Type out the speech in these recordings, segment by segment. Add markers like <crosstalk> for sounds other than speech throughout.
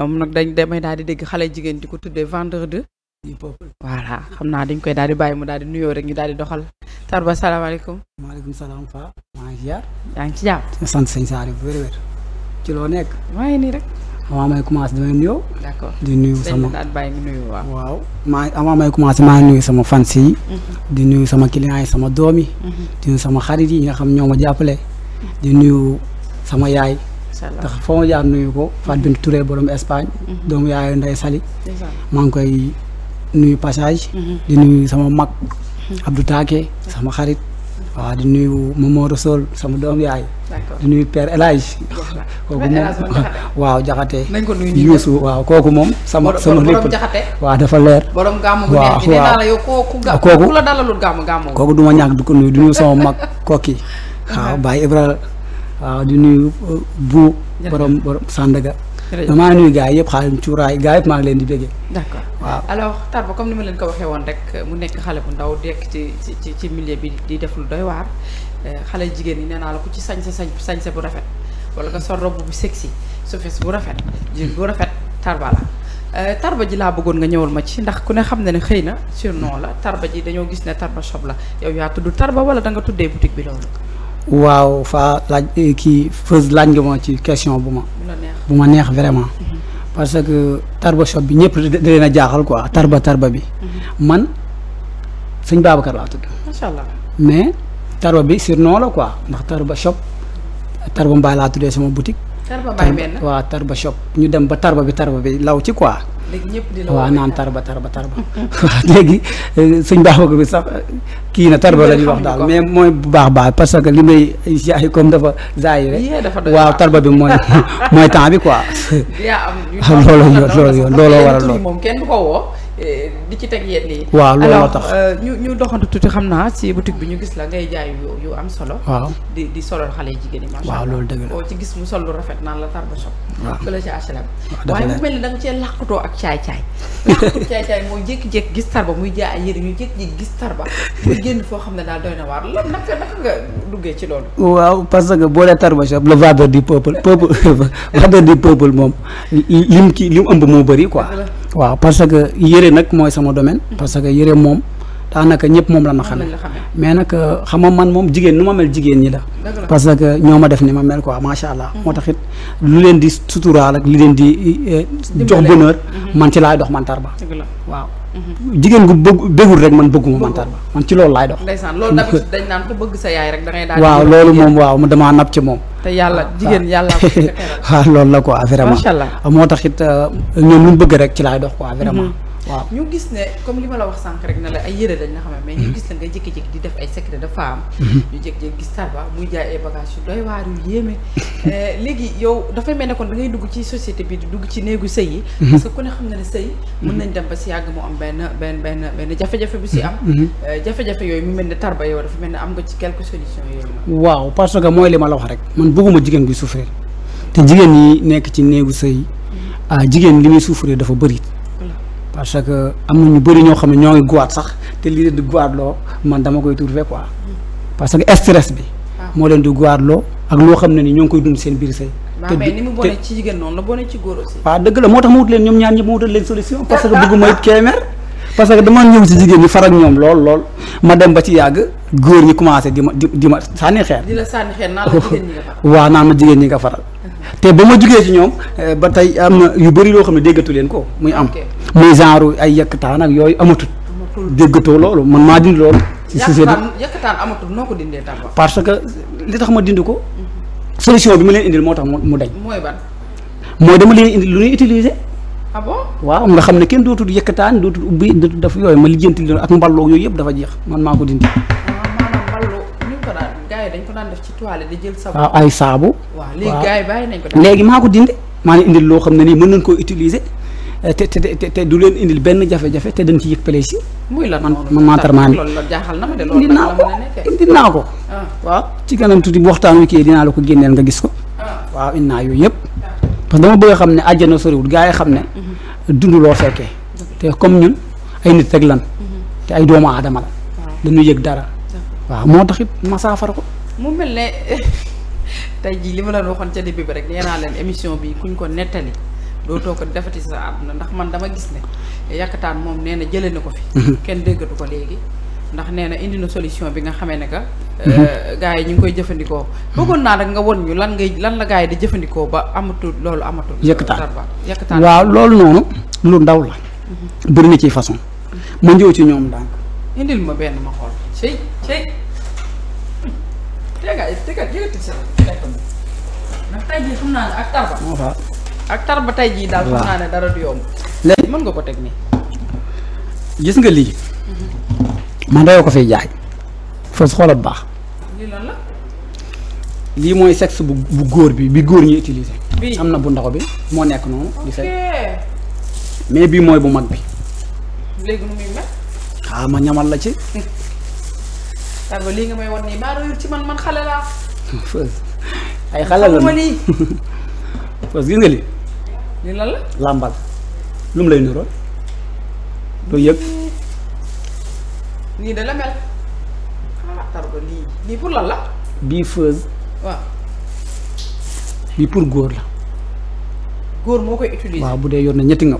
moom nag dañ damay daal di dégg xale jigéen di ko tuddee vendeur de du xam naa dañ koy daal di bàyyi mu daal di nuyoo rek ñu daal di doxal Tarba salaamaaleykum maaleykum salaam fa maa ngi ci jaar yaa ngi sant sëñ Saari bu ci loo nekk maa ngi nii rek avant may commencé damay nuyoo d'accord di nuyu sama daal bàyyi maa avant may commencé maa ngi sama fans yi mhm. di nuyu sama clients yi sama doom yi mhm. di nuyu sama xarit yi nga xam ñoo ma jàppale di nuyu sama yaay ndax foo ma jaar nuyu ko Fatou Bintou Touré borom Espagne mhm. doomu yaayu Ndeye Sali maa koy nuyu passage mhm. di nuyu sama mag mhm. Abdou Take sama xarit waaw di nuyu Momoro Sol sama doom yaay di nuyu Père El Hadj <laughs> kooku moom <laughs> waaw kooku moom sama sama lépp waaw dafa leer waaw waaw kooku kooku du ma du ko nuyu di nuyu sama mag <laughs> kokki waaw Baye Ibra waaw di nuyu euh, bu borom borom Sandaga. maa ngi nuyu gars yëpp xaalim cuuraay gars yëpp maa ngi leen di bëggee. d'accord waaw alors Tarba comme ni ma leen ko waxee woon rek mu nekk xale bu ndaw dekk ci ci ci milieu bi di def lu doy waar euh, xale jigéen ñi nee naa la ko ci sañse sañse bu rafet wala nga sol robe bu sexy su fees bu rafet bu rafet Tarba la. Euh, tarba ji laa bëggoon nga ñëwal ma ci ndax ku ne xam ne ne xëy na surnom la tarba ji dañoo gis ne tarba shop la yow yaa tudd tarba wala da nga tuddee boutique bi loolu. waaw faa laaj eh, kii Feuz laaj nga ma ci question bu ma. bu ma neex vraiment. Mhm. parce que tarba shop bi ñëpp da leen a jaaxal quoi tarba tarba bi. Mhm. man sëñ Babacar laa tudd. macha allah mais tarba bi surnom la quoi ndax tarba shop tarba mbaay laa tuddee sama boutique. tarba mbaay benn tarba shop ñu dem ba tarba bi tarba bi law ci quoi. léegi ñëpp di la waaw naan tarba tarba tarba waaw léegi euh, suñ baax bi sax kii na tarba la ñuy wax daal mais mooy bu baax baax parce que li may jaay comme dafa zaay rek waaw tarba bi mooy mooy temps bi quoi. yaa <laughs> looloo waral loolu moom kenn ko Euh, di ci teg yenn yi. waaw looloo tax euh, ñu ñu doxantu tuuti xam naa si boutique bi ñu gis la ngay jaay yu yu am solo. waaw di di solo xale yi jigéen ñi. waaw loolu dëgg la ci gis mu sol lu rafet naan la Tarba Shop. waaw fële ci H&M. mu mel ni da nga cee làqutoo ak caay-caay. làqutoo caay-caay mooy jékki-jékki gis Tarba muy jaay ay yére ñu jékki-jékki gis Tarba. muy génn foo xam ne daal doy na waar lan naka naka nga duggee ci loolu. waaw parce que boo nee Tarba Shop le vendeur du peuple peuple <laughs> vendeur du moom lim ki lim ëmb moo bëri quoi waaw parce que yére nag mooy sama domaine. Mm-hmm. parce que yére moom daanaka ñëpp moom la ma xamee. mais nag euh, xam ma man moom jigéen nu ma mel jigéen ñi la. parce que ñoo ma def ni ma mel quoi macha allah. Mm-hmm. moo taxit it lu leen di suturaal ak li leen di euh, jox bonheur. Mm-hmm. man ci laay dox man Tarba. waaw. jigéen gu bëgg bëggul rek man bëgguma man Tarba ci loolu laay dox. ndeysaan loolu euh, dañ naan bëgg sa yaay rek da ngay daal waaw loolu moom waaw dama nab ci moom. te yàlla ah, jigéen ah. yàlla waaw <laughs> ah, loolu la quoi vraiment moo tax it euh, ñoom lu bëgg rek ci laay dox quoi vraiment mm-hmm. waaw ñu gis ne comme li ma la wax sànq rek na la ay yëre dañ la xam ne mais ñu mhm. gis la nga jékki-jékki di def ay secret de femme. Mhm. ñu jékki-jékki gis Tarba ay bagages yu doy waar eh, léegi yow dafay mel ne kon da ngay dugg ci société bi di dugg ci néegu sëy yi. Mhm. parce que ku ne xam na ne sëy. mën nañ dem ba si yàgg mu am benn benn benn benn jafe bu si am. Eh, jafe-jafe yooyu mu mel ne Tarba yow dafa mel ne am nga ci quelques solutions yooyu. waaw parce que mooy li ma la wax rek man bëgguma jigéen bi suufee te jigéen yi nekk ci néegu sëy ah jigéen li muy souffrir dafa bëri parce que am na ñu bëri ñoo xam ne ñoo ngi guwaat sax te lii leen di guwaat loo man dama koy trouvé quoi parce que stress bi. Ah. moo leen di guwaat loo ak loo xam ne ni ñoo ngi koy dund seen biir sëy te mais la bonee ci góor aussi. waaw dëgg la moo tax ma wut leen ñoom ñaar ñëpp ma wutal leen solution. <laughs> parce que bëgguma it keemer. parce que dama ñëw si jigéen ñi far ak ñoom lool lool ma dem ba ci yàgg góor ñi commencé di ma di ma sànni xeer. di la sànni xeer naan la jigéen ñi nga faral. ma jigéen ñi nga faral. te ba ma jugee ci ñoom eh, ba tey am na yu bëri loo xam ne déggatu leen ko muy am muy genre ay yëkkataan ak yooyu amatut déggatoo loolu man maa dindi loolu ci société yëkkataan amatul noo ko dindee tam parce que li tax ma dindi ko solution bi ma leen indil moo tax mu dañ mooy ban mooy dama leen indi lu ñuy utiliser ah bon waaw nga xam ne kenn dootul yëkkataan dootul ubbi dootul dafa yooyu ma lijjanti loolu ak mballoo yooyu yëpp dafa jeex man maa ko dindi gars yi dañ ko daan def ci toile di waaw ah, ay saabu. léegi ko. léegi maa ko dindi maa ngi indil loo xam ne nii mën nañ koo utiliser eh, te te te du leen indil benn jafe-jafe te dañ ci yëg plaisir. muy lan man man mantarmaa ni loolu jaaxal na ma de loolu indi naa ko indi naa ko. Ah. waaw ci kanam tuuti bu waxtaan wi kii dinaa la ko génneel nga gis ko. Ah. waaw indi naa yooyu yëpp. parce que dama bëgg a xam ne àjjana soriwul gaa yi xam ne. Mhm. dund loo fekkee. te comme ñun ay nit rek lan. Mhm. te ay doomu aadama la. dañu yëg dara waaw moo tax it ma saafara ko. mu mel ne <laughs> tey jii li ma leen waxoon ca début bi rek nee naa leen émission bi kuñ ko nettali dootoo ko defati sa àdduna ndax man dama gis ne yàkkataan moom nee na jëlee na ko fi. Mhm. kenn déggatu ko léegi. ndax nee na indi na solution bi nga xamee ne que. Mhm. Euh, gars yi ñu ngi koy jëfandikoo. Mhm. bëggoon naa nag nga won ñu lan ngay lan la gars yi di jëfandikoo ba amatul loolu amatul. yëkkataan waaw loolu noonu. lu ndaw la. na ci façon. ñëw ci ñoom ndànk. indil ma benn ma xool. sëy sëy. tegaay tegaay jëlati sa téléphone ndax tey jii xam naa ne ak tarba. waaw ak tarba tey jii daal. xam ne dara du yomb. léegi mën nga ko teg nii. gis nga lii. man dayoo ko fiy jaay. foofu su xoolal baax. lii mooy sexe bu bu góor bi bi góor ñi utiliser. am na bu ndax bi moo nekk noonu. di mais bii mooy bu mag bi. léegi ma ñamal la <laughs> ci. Samba lii nga may wan nii maa doyul ci man man xale laa. Feuz ay xale la ñu Feuz gis lii. lii lan la. làmbal lum lay niroon doo yëg. nii da la mel ah lii pour la. bii Feuz. pour góor la. góor moo koy utiliser. waaw bu dee yoon na ñetti nga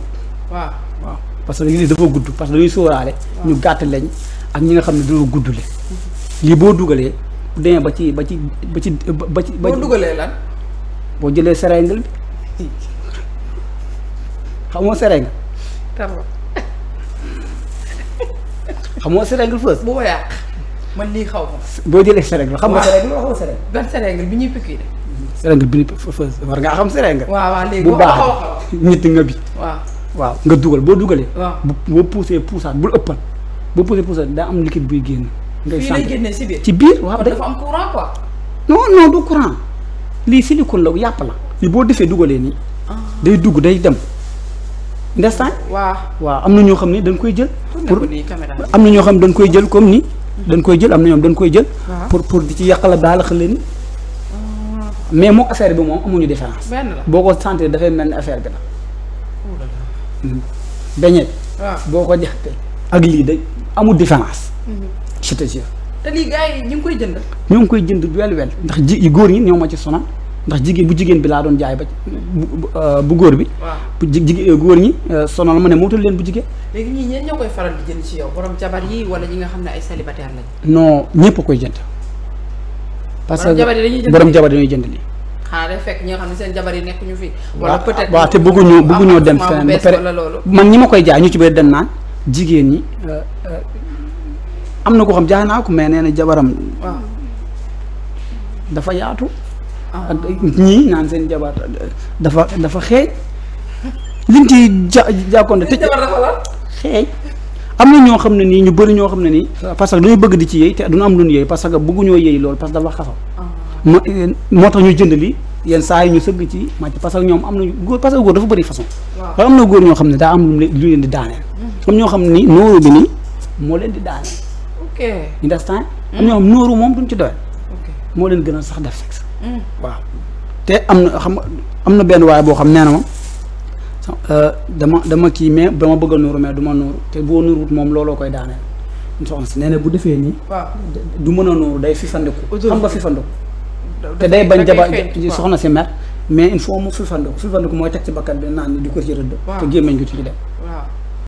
waaw waaw parce que lii dafa gudd parce que dañuy sóoraale. ñu gàtt lañ ak ñi nga xam ne dañoo guddule. Mhm. lii boo dugalee bu ba ci ba ci ba ci ba ci. boo dugalee lan. boo jëlee seringue bi xamoo seringue. d'accord xamoo seringue fës. bu ma yàq man lii xaw ma. boo jëlee seringue xam nga seringue bi ñuy piqué de. seringue bi fës war ngaa xam seringue. waaw waaw léegi bu baax ñitti nga bi. waaw waaw nga dugal boo dugalee. waaw bu boo poussé poussaat bul ëppal boo poussé poussaat daa am liquide buy génn. ngay sant ci biir waaw dafa am courant quoi. non non du courant lii silicone la yàpp la. li boo defee dugalee nii. Ah. day dugg day dem. ndestaan. waaw waaw am na ñoo xam ne dañ koy jël. pour am na ñoo xam ne dañ koy jël comme nii dañ koy jël am na ñoom dañ koy jël. pour pour di ci yàqala baal xale ni ah. mais moom affaire bi moom amuñu différence. boo ko sentir dafay mel ni affaire bi la. Oh beñeet. boo ko jaxte ak lii day amul différence. Mhm. je te jure. te lii gars yi ñu ngi koy jënd. ñoo ngi koy jënd wel wel ndax ji góor ñi ñoo ma ci sonal ndax jigéen bu jigéen bi laa doon jaay ba bu euh, góor bi. waaw bu jigéen euh, góor ñi euh, sonal ma ne mootal leen bu jigéen. léegi ñii ñeen ñoo koy faral di jënd ci yow borom jabar yi wala ñi nga xam ne ay célibataire lañ. non ñëpp koy jënd. parce que borom jabar dañuy jënd lii. ah day fekk ñi nga xam ne seen jabar yi nekk ñu fi. wala peut-être waaw te bëgguñu bëgguñoo dem feneen ba pare man ñi ma koy jaay ñu ci bëri dem naan jigéen ñi am na ko xam jaay naa ko mais nee na jabaram dafa yaatu. Ah. ak ñii naan seen jabar dafa dafa xeeñ. liñ ci ja jàkkoonte te. xeeñ am na ñoo xam ne nii ñu bëri ñoo xam ne nii. parce que dañu bëgg di ci yëy te duñu am lu ñu yëy parce que bëgguñoo yëy loolu parce que dafa xasaw. Ah. moo moo tax ñu jënd li yenn saa yi ñu sëgg ci màcc parce que ñoom am nañu góor parce que góor dafa bëri façon. waaw am na góor ñoo xam ne daa am lu leen di daaneel. Mm. am ñoo xam ni nooro bi nii moo leen di daaneel. ok understand am ñoo xam nooru moom duñ ci doyal moo leen gën a sax def sexe mm. waaw te am na xam am na benn waaye boo xam nee na ma euh, dama dama kii mais dama bëgg a nuuru mais du ma nuuru te boo nuurut moom looloo koy daaneel soxna si nee na bu defee nii du mën a nuuru day fifandiku xam nga fifandiku te day bañ jaba soxna si mer mais il faut mu fifandiku fifandiku mooy teg ci bakkat bi naan ni di ko ci rëdd te gémmañ gi ci dem